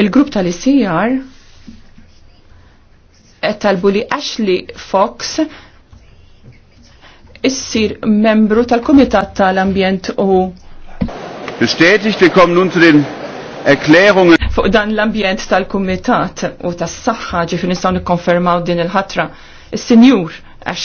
Il-grupp tal-ICR talbu li Ashley Fox issir membru tal-Komitat tal-Ambjent u Bestätigt, wir kommen nun zu den Erklärungen. Fuq dan l-ambjent tal-Kumitat u tas-saħħa ġifin nistgħu nikkonfermaw din il-ħatra. Is-Sinjur